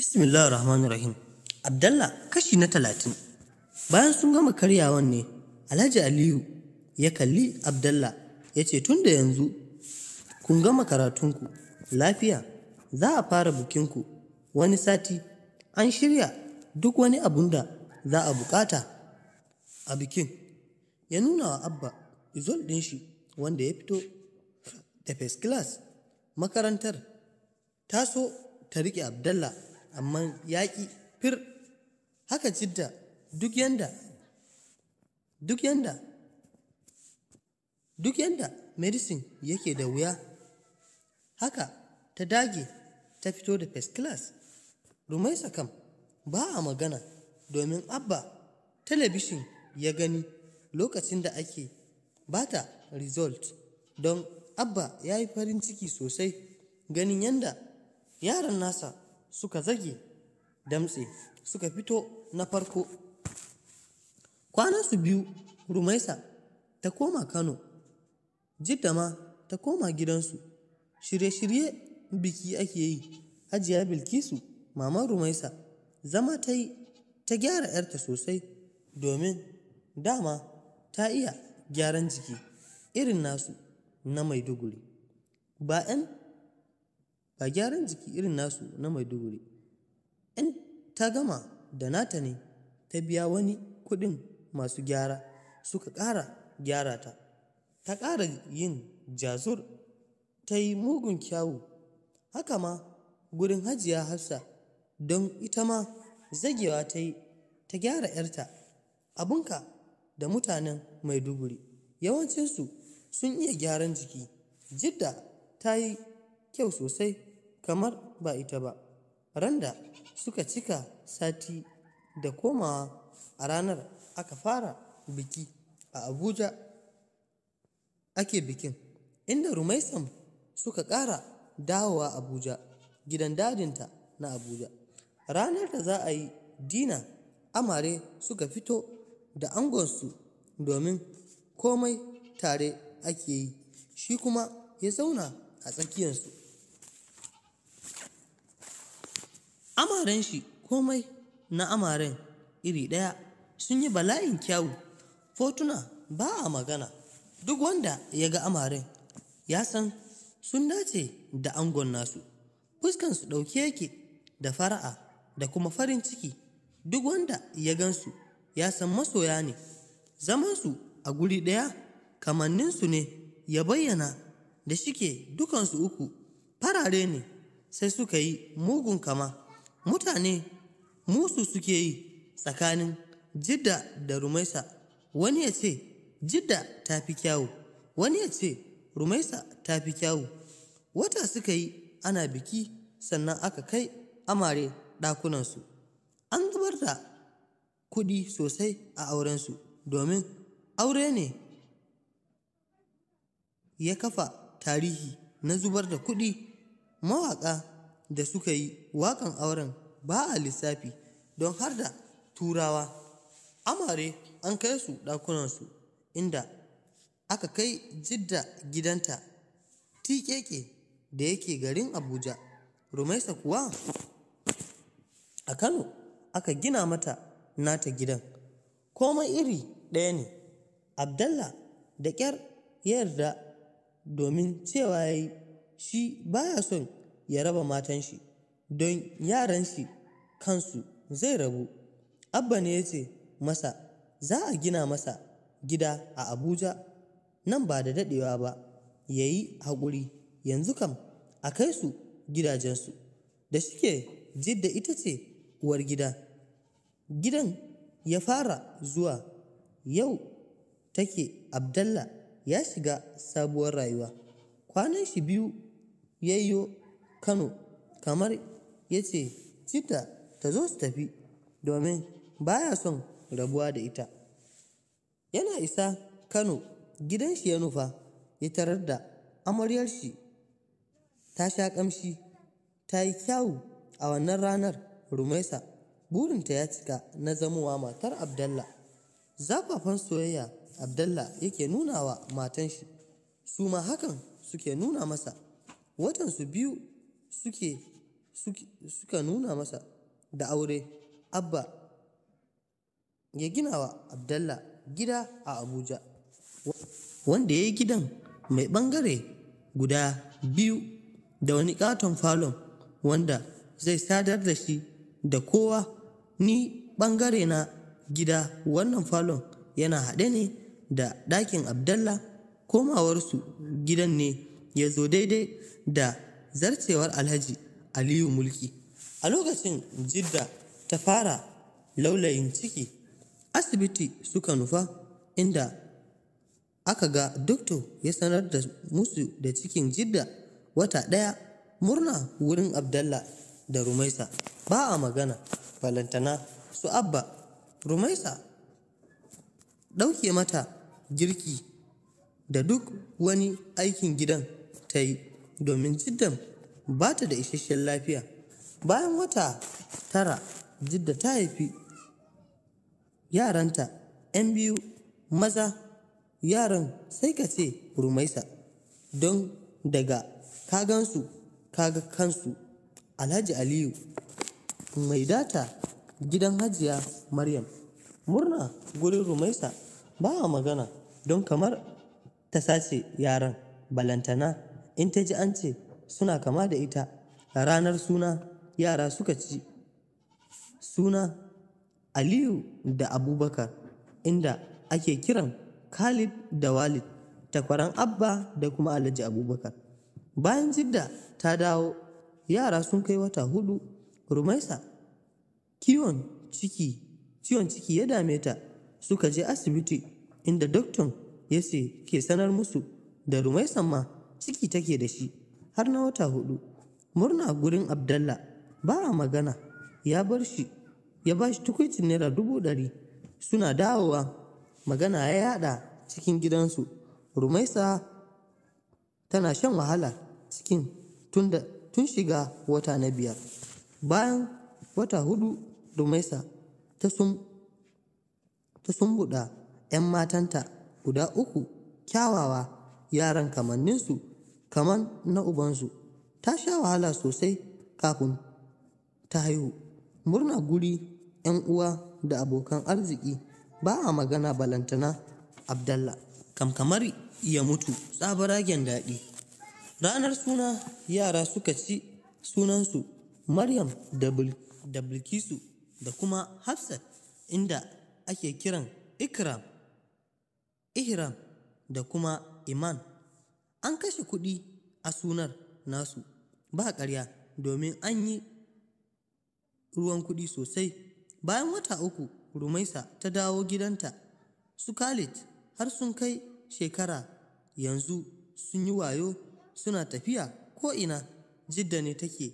bismillah rahman rahim abdallah kashi na talatin bayan sun gama karyawan ne alhaji aliyu ya kalli abdallah ya ce tun da yanzu kun gama karatunku lafiya za a fara bukinku wani sati an shirya duk wani abun da za a bukata a bikin ya nuna wa abba izol ɗin shi wanda ya fito da first class makarantar taso ta riƙe abdallah amma yaƙi fir haka citta duk yanda duk yanda duk yanda medicine yake da wuya haka ta dage ta fito da first class rumaisa kam ba a magana domin abba talabishin ya gani lokacin da ake bata result don abba ya yi farin ciki sosai ganin yanda yaran nasa suka zage damtse suka fito na farko kwanansu biyu rumaisa ta koma kano jidda ma ta koma gidansu shirye-shirye biki ake yi hajiya bilkisu maman rumaisa zama ta yi ta gyara 'yarta sosai domin dama ta iya gyaran jiki irin nasu na maiduguri ba 'yan ba gyaran jiki irin nasu na maiduguri in ta gama da nata ne ta biya wani kuɗin masu gyara suka ƙara gyara ta ta ƙara yin jazur ta yi mugun kyawu haka ma gurin hajiya hafsa don ita ma zagewa ta yi ta gyara 'yarta abinka da mutanen maiduguri yawancinsu sun iya gyaran jiki jidda ta yi kyau sosai kamar ba ita ba randa suka cika sati da komawa a ranar aka fara biki a abuja ake bikin inda rumaisam suka ƙara dawowa abuja gidan dadinta na abuja ranar da za a yi dina amare suka fito da angonsu domin komai tare ake yi shi kuma ya zauna a tsakiyarsu amaren shi komai na amaren iri ɗaya sun yi bala'in kyawu fotuna ba a magana duk wanda ya ga amaren ya san sun dace da angon nasu fuskansu ɗauke yake da fara'a da kuma farin ciki duk wanda ya gansu ya san masoya ne zamansu a guri ɗaya kamanninsu ne ya bayyana da shike dukansu uku farare ne sai suka yi mugun kama mutane musu suke yi tsakanin jidda da rumaisa wani ya ce jidda ta fi kyawu wani ya ce rumaisa ta fi kyawu wata suka yi ana biki sannan aka kai amare ɗakunansu an zubar da kuɗi sosai a aurensu domin aure ne ya kafa tarihi na zubar da kuɗi mawaƙa da suka yi waƙan auren ba a lissafi don har da turawa amare an kai su ɗakunansu inda aka kai jidda gidanta tikeke da yake garin abuja rumaisa kuwa a kano aka gina mata nata gidan komai iri ɗaya ne abdallah da ƙyar yarda domin cewa ya yi shi baya son ya raba matan shi don yaran shi kansu zai rabu abba ne ya ce masa za a gina masa gida a abuja nan ba da daɗewa ba ya yi haƙuri yanzu kam a kai su gidajensu da shike jidda ita ce uwar gida gidan ya fara zuwa yau take abdallah ya shiga sabuwar rayuwa kwanan shi biyu yayyo Kano kamar yace ce Citta ta zo su tafi domin baya son rabuwa da ita. Yana isa Kano gidan shi ya nufa ya tarar da amaryar shi ta sha ƙamshi ta yi kyawu a wannan ranar Rumaisa burinta ya cika na zamowa matar Abdallah. Zafafan soyayya Abdallah yake nuna wa matan shi su ma hakan suke nuna masa watan su biyu suke, suka nuna masa da aure Abba ya gina wa Abdallah gida a Abuja wanda ya yi gidan mai ɓangare guda biyu da wani katon falon wanda zai sadar da shi da kowa ni ɓangare na gida wannan falon yana haɗe ne da ɗakin Abdallah komawarsu gidan ne ya zo daidai da zarcewar alhaji aliyu mulki a lokacin jidda ta fara laulayin ciki asibiti suka nufa inda aka ga dokto ya sanar da musu da cikin jidda wata ɗaya murna wurin abdallah da rumaisa ba a magana balantana su abba rumaisa ɗauke mata girki da duk wani aikin gidan ta yi domin jiddan ba ta da isasshen lafiya bayan wata tara jidda ta haifi yaranta 'yan biyu maza yaran sai ka ce rumaisa don daga kagansu kaga kansu alhaji aliyu mai data gidan hajiya maryam murna gurin rumaisa ba magana don kamar ta sace yaran balantana in ta ji an ce suna kama da ita a ranar suna yara suka ci suna aliyu da abubakar inda ake kiran khalid da walid takwaran abba da kuma alhaji abubakar bayan jidda ta dawo yara sun kai wata hudu rumaisa kiwon ciki ciwon ciki ya dame ta suka je asibiti inda dokton ya ke sanar musu da rumaisan ma ciki take da shi har na wata hudu murna gurin abdallah ba a magana ya bar shi ya ba shi tukwicin naira dubu ɗari suna dawowa magana ya yada cikin gidansu rumaisa tana shan wahala cikin tun shiga wata na biyar bayan wata hudu rumaisa ta sumbuɗa 'yan matanta guda uku kyawawa yaran kamanninsu kamar na ubansu ta sha wahala sosai kafin ta haihu murna guri 'yan uwa da abokan arziki ba a magana balantana abdallah kam kamar ya mutu tsabaragen daɗi ranar suna yara suka ci sunansu maryam da bilkisu da kuma hafsat inda ake kiran ikram ihram da kuma iman an kashe kuɗi a sunar nasu ba ƙarya domin an yi ruwan kuɗi sosai bayan wata uku rumaisa ta dawo gidanta su khalid har sun kai shekara yanzu sun yi wayo suna tafiya ko'ina jidda ne take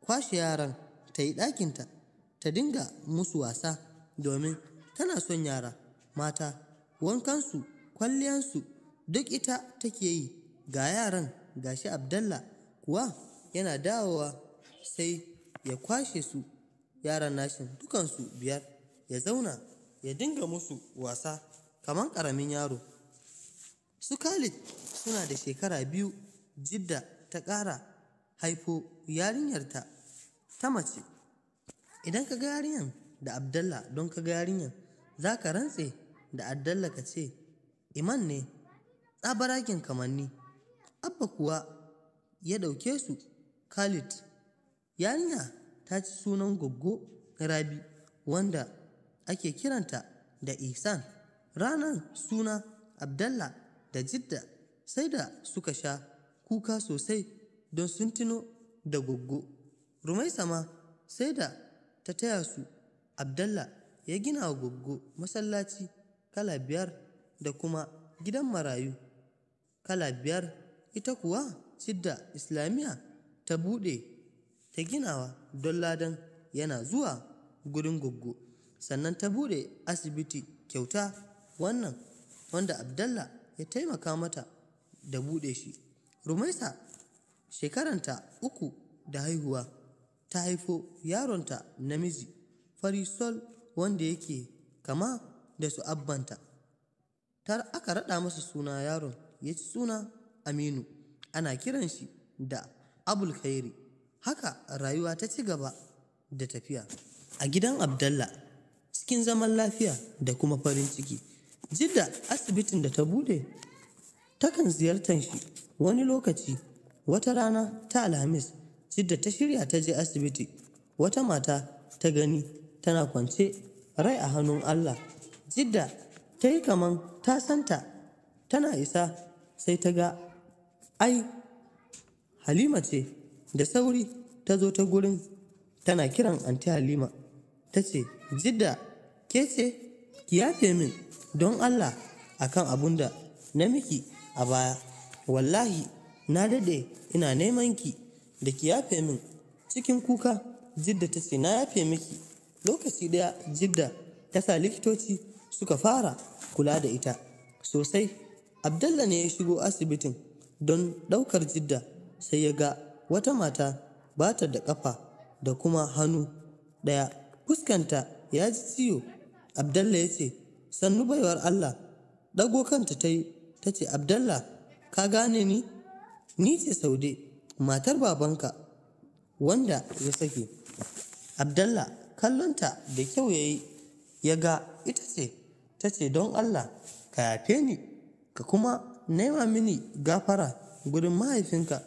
kwashe yaran ta yi ɗakinta ta dinga musu wasa domin tana son yara mata wankansu kwalliyansu duk ita take yi ga yaran ga shi Abdallah kuwa yana dawowa sai ya kwashe su yaran nashin dukansu biyar ya zauna ya dinga musu wasa kamar ƙaramin yaro su Khalid suna da shekara biyu jidda ta ƙara haifo yarinyarta ta mace idan ka ga yarinyar da Abdallah don ka ga yarinyar za ka rantse da Abdallah ka ce iman ne tsabaragen kamanni abba kuwa ya ɗauke su khalid yarinya ta ci sunan goggo rabi wanda ake kiranta da ihsan ranar suna abdallah da jidda sai da suka sha kuka sosai don sun tuno da goggo rumaisa ma sai da ta taya su abdallah ya gina wa goggo masallaci kala biyar da kuma gidan marayu kala biyar ita kuwa sidda islamiyya ta buɗe ta ginawa don ladan yana zuwa gurin goggo sannan ta buɗe asibiti kyauta wannan wanda abdallah ya taimaka mata da buɗe shi rumaisa shekaranta uku da haihuwa ta haifo yaronta namiji farisol wanda yake kama da su abbanta tar aka raɗa masa suna yaron ya ci suna Aminu ana kiran shi da Abul Khairi haka rayuwa ta ci gaba da tafiya a gidan Abdallah cikin zaman lafiya da kuma farin ciki jidda asibitin da ta bude takan ziyartar shi wani lokaci wata rana ta alhamis jidda ta shirya ta je asibiti wata mata ta gani tana kwance rai a hannun Allah jidda ta yi kaman ta santa tana isa sai ta ga ai halima ce da sauri ta zo ta gurin tana kiran anti halima ta ce jidda ke ce ki yafe min don allah akan abun da na miki a baya wallahi na dade ina neman ki da ki yafe min cikin kuka jidda ta ce na yafe miki lokaci daya jidda ta sa likitoci suka fara kula da ita sosai abdalla ne ya shigo asibitin don ɗaukar jidda sai ya ga wata mata ba ta da ƙafa da kuma hannu ɗaya fuskanta ya ji ciwo abdalla ya ce sannu baiwar allah ɗago kanta ta yi ta ce abdallah ka gane ni ni ce saude matar babanka wanda ya sake abdallah kallonta da kyau ya yi ya ga ita ce ta ce don allah ka yafe ni ka kuma nema mini gafara gurin mahaifinka.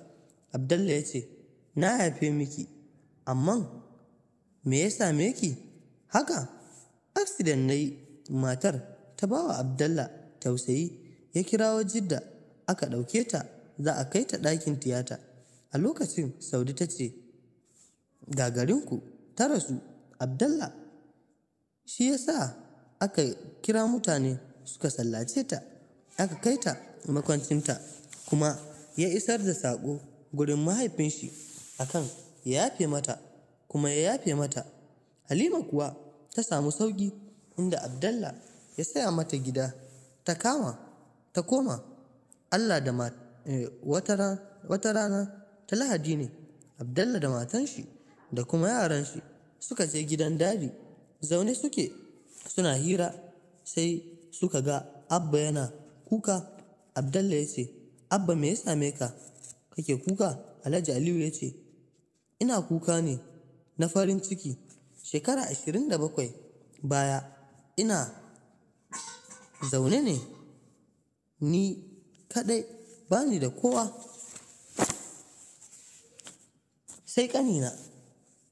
Abdallah ya ce, Na haife miki, amma me ya same ki? Haka, accident na matar ta ba wa Abdallah tausayi ya kira kirawo da aka ɗauke ta za a kai ta ɗakin tiyata. A lokacin Saudi ta ce, Gagarinku ta rasu, Abdallah shi ya sa aka kira mutane suka sallace ta aka kai ta makwancinta kuma ya isar da saƙo gurin mahaifinshi shi akan ya yafe mata kuma ya yafe mata halima kuwa ta samu sauƙi inda abdallah ya saya mata gida ta kama ta koma allah da eh, wata rana ta lahadi ne abdallah da matan shi da kuma yaran shi suka je gidan dadi zaune suke suna hira sai suka ga abba yana kuka Abdalla ya ce, Abba me ya same ka? Kake kuka? Alhaji Aliyu ya ce, Ina kuka ne na farin ciki. Shekara ashirin da bakwai baya ina zaune ne ni kaɗai bani da kowa sai kanina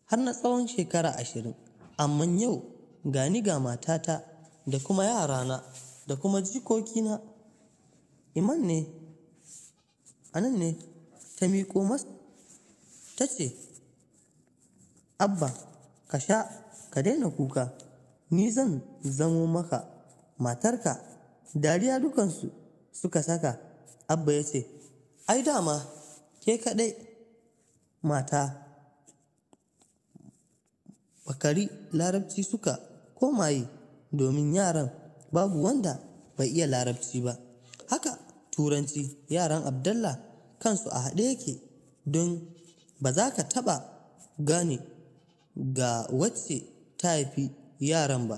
har na tsawon shekara ashirin amma yau gani ga matata da kuma yarana da kuma jikokina Iman ne, a nan ne ta miƙo masa ta ce, "Abba ka sha ka daina kuka, ni zan zamo maka matarka." Dariya dukansu suka saka. Abba ya ce, "Ai dama ke kaɗai mata." Bakari Larabci suka koma yi domin yaran babu wanda bai iya Larabci ba. Haka turanci yaran abdallah kansu a haɗe yake don ba za ka taɓa gane ga wacce ta haifi yaran ba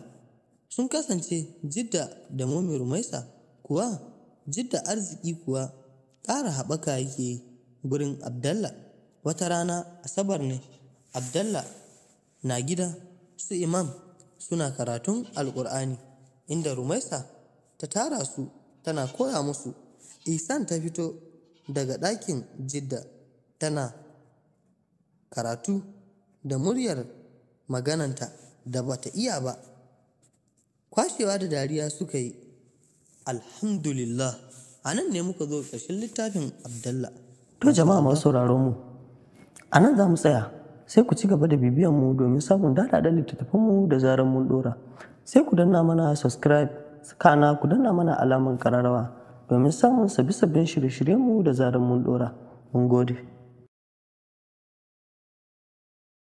sun kasance jidda da momi rumaisa kuwa jidda arziki kuwa ƙara haɓaka yake gurin abdallah wata rana asabar ne abdallah na gida su imam suna karatun alƙur'ani inda rumaisa ta tara su tana koya musu Isan ta fito daga ɗakin jidda tana karatu da muryar magananta da bata iya ba kwashewa da dariya suka yi alhamdulillah a nan ne muka zo ƙarshen littafin abdallah to jama'a masu sauraron mu a nan za mu tsaya sai ku ci gaba da bibiyan mu domin samun daɗaɗen littattafan mu da zarar mun ɗora sai ku danna mana subscribe kana ku danna mana alaman kararrawa domin samun sabi-sabbin shirye-shiryenmu da zarar mun ɗora. Mun gode.